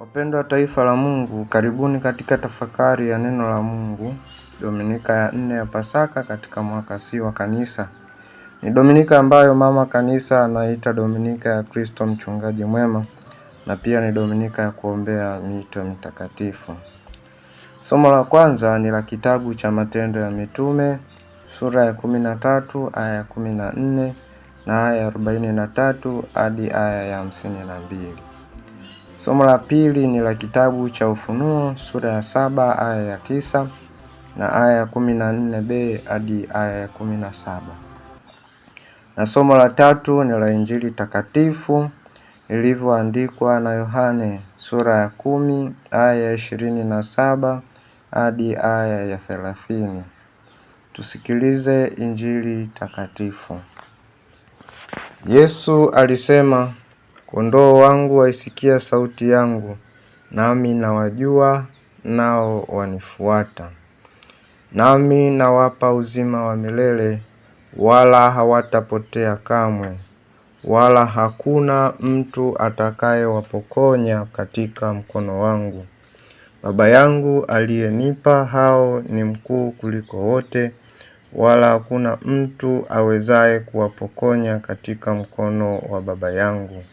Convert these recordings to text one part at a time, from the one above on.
Wapendwa taifa la Mungu, karibuni katika tafakari ya neno la Mungu, Dominika ya nne ya Pasaka katika mwaka C wa Kanisa. Ni Dominika ambayo Mama Kanisa anaita Dominika ya Kristo mchungaji mwema, na pia ni Dominika ya kuombea mito mitakatifu. Somo la kwanza ni la kitabu cha Matendo ya Mitume sura ya kumi na tatu aya ya kumi na nne na aya ya arobaini na tatu hadi aya ya hamsini na mbili. Somo la pili ni la kitabu cha Ufunuo sura ya saba aya ya tisa na aya ya kumi na nne b hadi aya ya kumi na saba na somo la tatu ni la Injili takatifu ilivyoandikwa na Yohane sura ya kumi aya ya ishirini na saba hadi aya ya thelathini. Tusikilize Injili takatifu. Yesu alisema Kondoo wangu waisikia sauti yangu, nami nawajua, nao wanifuata. Nami nawapa uzima wa milele, wala hawatapotea kamwe, wala hakuna mtu atakayewapokonya katika mkono wangu. Baba yangu aliyenipa hao ni mkuu kuliko wote, wala hakuna mtu awezaye kuwapokonya katika mkono wa Baba yangu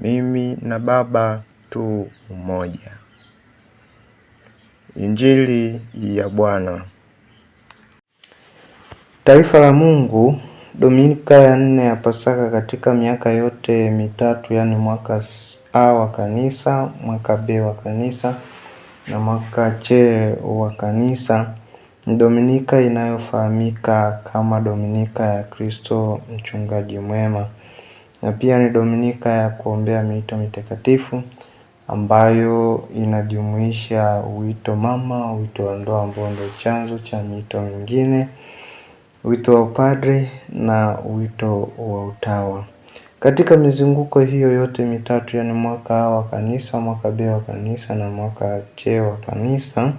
mimi na Baba tu mmoja. Injili ya Bwana. Taifa la Mungu, Dominika ya nne ya Pasaka katika miaka yote mitatu, yaani mwaka A wa kanisa, mwaka B wa kanisa na mwaka C wa kanisa, ni Dominika inayofahamika kama Dominika ya Kristo mchungaji mwema na pia ni dominika ya kuombea miito mitakatifu ambayo inajumuisha wito mama, wito wa ndoa ambao ndio chanzo cha miito mingine, wito wa upadre na wito wa utawa. Katika mizunguko hiyo yote mitatu, yani mwaka A wa kanisa, mwaka B wa kanisa na mwaka C wa kanisa,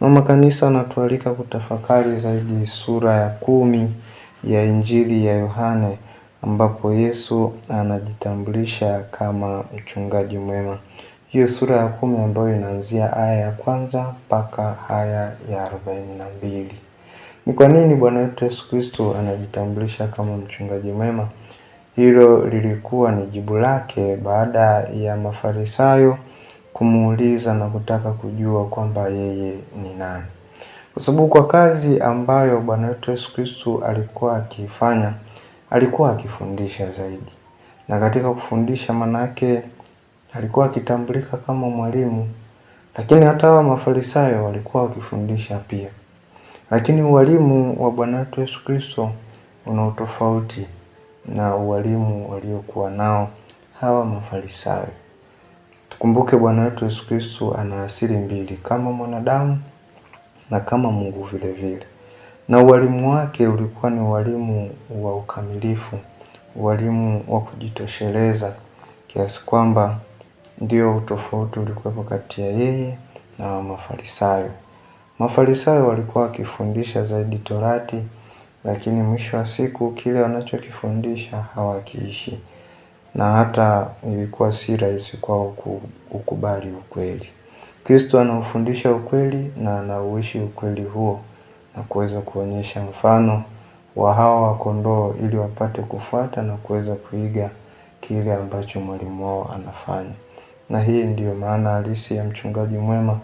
mama kanisa anatualika kutafakari zaidi sura ya kumi ya Injili ya Yohane ambapo Yesu anajitambulisha kama mchungaji mwema. Hiyo sura ya kumi ambayo inaanzia aya ya kwanza mpaka aya ya arobaini na mbili. Ni kwa nini Bwana wetu Yesu Kristo anajitambulisha kama mchungaji mwema? Hilo lilikuwa ni jibu lake baada ya Mafarisayo kumuuliza na kutaka kujua kwamba yeye ni nani, kwa sababu kwa kazi ambayo Bwana wetu Yesu Kristo alikuwa akiifanya alikuwa akifundisha zaidi, na katika kufundisha manake alikuwa akitambulika kama mwalimu, lakini hata hawa mafarisayo walikuwa wakifundisha pia. Lakini ualimu wa Bwana wetu Yesu Kristo una utofauti na ualimu waliokuwa nao hawa mafarisayo. Tukumbuke Bwana wetu Yesu Kristo ana asili mbili, kama mwanadamu na kama Mungu vile vile na ualimu wake ulikuwa ni ualimu wa ukamilifu, ualimu wa kujitosheleza, kiasi kwamba ndio utofauti ulikuwepo kati ya yeye na Mafarisayo. Mafarisayo walikuwa wakifundisha zaidi Torati, lakini mwisho wa siku kile wanachokifundisha hawakiishi, na hata ilikuwa si rahisi kwao kukubali ukweli. Kristo anaufundisha ukweli na anauishi ukweli huo na kuweza kuonyesha mfano wa hawa wa kondoo ili wapate kufuata na kuweza kuiga kile ambacho mwalimu wao anafanya. Na hii ndiyo maana halisi ya mchungaji mwema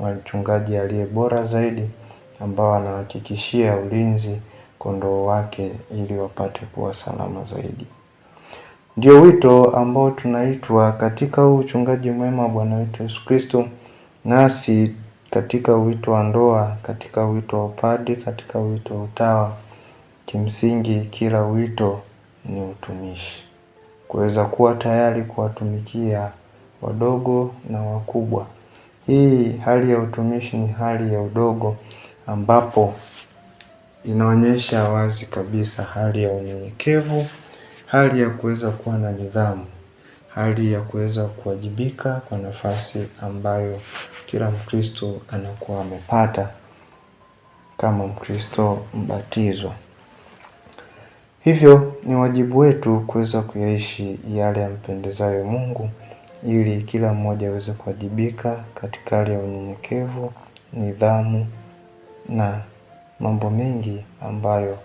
na mchungaji aliye bora zaidi ambao anahakikishia ulinzi kondoo wake ili wapate kuwa salama zaidi. Ndio wito ambao tunaitwa katika huu uchungaji mwema wa Bwana wetu Yesu Kristo, nasi katika wito wa ndoa, katika wito wa upadi, katika wito wa utawa. Kimsingi kila wito ni utumishi, kuweza kuwa tayari kuwatumikia wadogo na wakubwa. Hii hali ya utumishi ni hali ya udogo ambapo inaonyesha wazi kabisa hali ya unyenyekevu, hali ya kuweza kuwa na nidhamu, hali ya kuweza kuwajibika kwa nafasi ambayo kila Mkristo anakuwa amepata kama Mkristo mbatizwa. Hivyo ni wajibu wetu kuweza kuyaishi yale yampendezayo Mungu ili kila mmoja aweze kuwajibika katika hali ya unyenyekevu, nidhamu na mambo mengi ambayo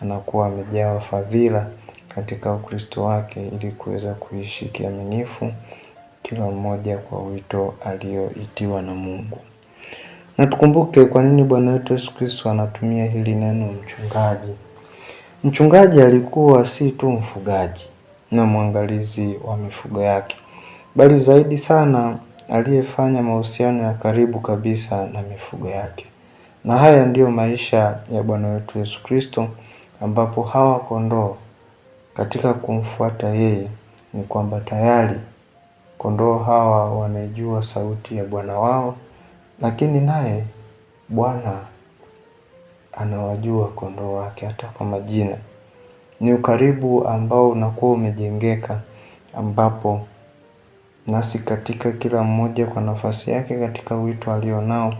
anakuwa amejawa fadhila katika Ukristo wake ili kuweza kuishi kiaminifu kila mmoja kwa wito aliyoitiwa na Mungu. Na tukumbuke kwa nini Bwana wetu Yesu Kristo anatumia hili neno mchungaji. Mchungaji alikuwa si tu mfugaji na mwangalizi wa mifugo yake, bali zaidi sana aliyefanya mahusiano ya karibu kabisa na mifugo yake. Na haya ndiyo maisha ya Bwana wetu Yesu Kristo, ambapo hawa kondoo katika kumfuata yeye ni kwamba tayari Kondoo hawa wanaijua sauti ya bwana wao, lakini naye Bwana anawajua kondoo wake hata kwa majina. Ni ukaribu ambao unakuwa umejengeka, ambapo nasi katika kila mmoja kwa nafasi yake katika wito alionao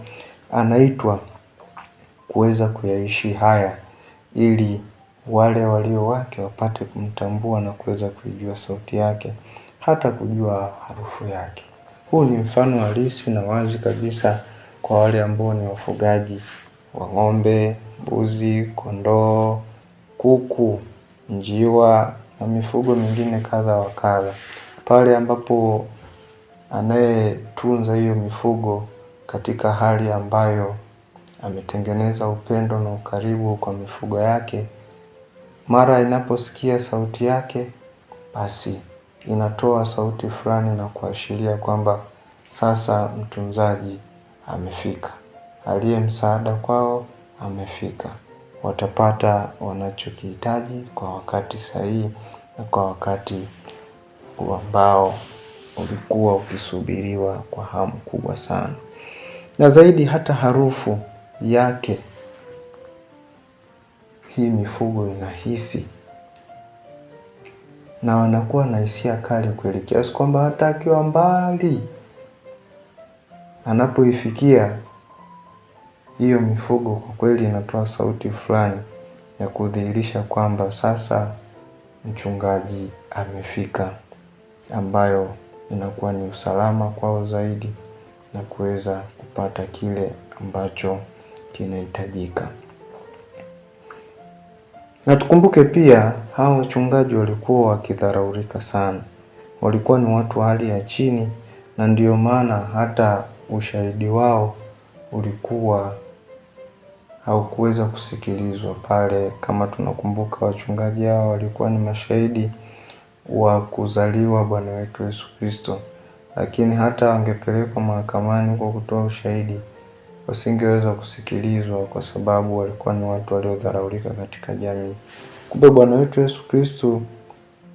anaitwa kuweza kuyaishi haya ili wale walio wake wapate kumtambua na kuweza kuijua sauti yake, hata kujua harufu yake. Huu ni mfano halisi na wazi kabisa kwa wale ambao ni wafugaji wa ng'ombe, mbuzi, kondoo, kuku, njiwa na mifugo mingine kadha wa kadha, pale ambapo anayetunza hiyo mifugo katika hali ambayo ametengeneza upendo na ukaribu kwa mifugo yake mara inaposikia sauti yake, basi inatoa sauti fulani na kuashiria kwamba sasa mtunzaji amefika, aliye msaada kwao amefika, watapata wanachokihitaji kwa wakati sahihi na kwa wakati ambao ulikuwa ukisubiriwa kwa hamu kubwa sana, na zaidi hata harufu yake hii mifugo inahisi na wanakuwa na hisia kali kweli, kiasi kwamba hata akiwa mbali, anapoifikia hiyo mifugo, kwa kweli inatoa sauti fulani ya kudhihirisha kwamba sasa mchungaji amefika, ambayo inakuwa ni usalama kwao zaidi na kuweza kupata kile ambacho kinahitajika. Na tukumbuke pia hawa wachungaji walikuwa wakidharaulika sana, walikuwa ni watu wa hali ya chini, na ndiyo maana hata ushahidi wao ulikuwa haukuweza kusikilizwa pale. Kama tunakumbuka, wachungaji hao walikuwa ni mashahidi wa kuzaliwa Bwana wetu Yesu Kristo, lakini hata wangepelekwa mahakamani kwa kutoa ushahidi wasingeweza kusikilizwa kwa sababu walikuwa ni watu waliodharaulika katika jamii. Kumbe Bwana wetu Yesu Kristo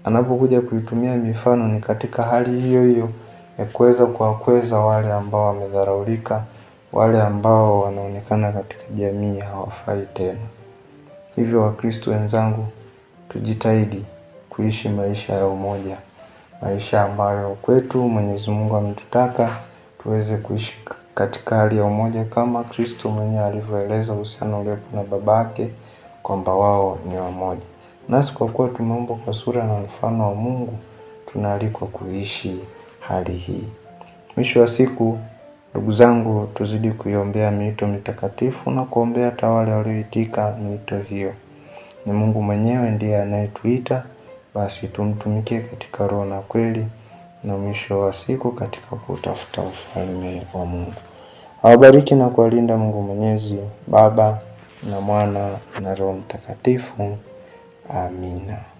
anapokuja kuitumia mifano ni katika hali hiyo hiyo ya kuweza kuwakweza wale ambao wamedharaulika, wale ambao wanaonekana katika jamii hawafai tena. Hivyo Wakristo wenzangu, tujitahidi kuishi maisha ya umoja, maisha ambayo kwetu Mwenyezi Mungu ametutaka tuweze kuishi katika hali ya umoja kama Kristo mwenyewe alivyoeleza uhusiano uliopo na Babake kwamba wao ni wamoja. Nasi kwa kuwa tumeumbwa kwa sura na mfano wa Mungu, tunaalikwa kuishi hali hii. Mwisho wa siku, ndugu zangu, tuzidi kuiombea miito mitakatifu na kuombea hata wale walioitika miito hiyo. Ni Mungu mwenyewe ndiye anayetuita, basi tumtumikie katika roho na kweli, na mwisho wa siku katika kutafuta ufalme wa Mungu. Awabariki na kuwalinda Mungu Mwenyezi, Baba na Mwana na Roho Mtakatifu. Amina.